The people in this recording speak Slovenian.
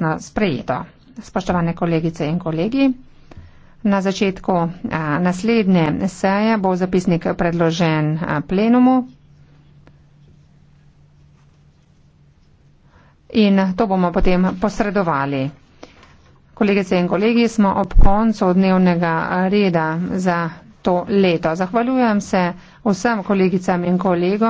soglasno sprejeto. Spoštovane kolegice in kolegi, na začetku naslednje seje bo zapisnik predložen plenumu. In to bomo potem posredovali. Kolegice in kolegi, smo ob koncu dnevnega reda za to leto. Zahvaljujem se vsem kolegicam in kolegom.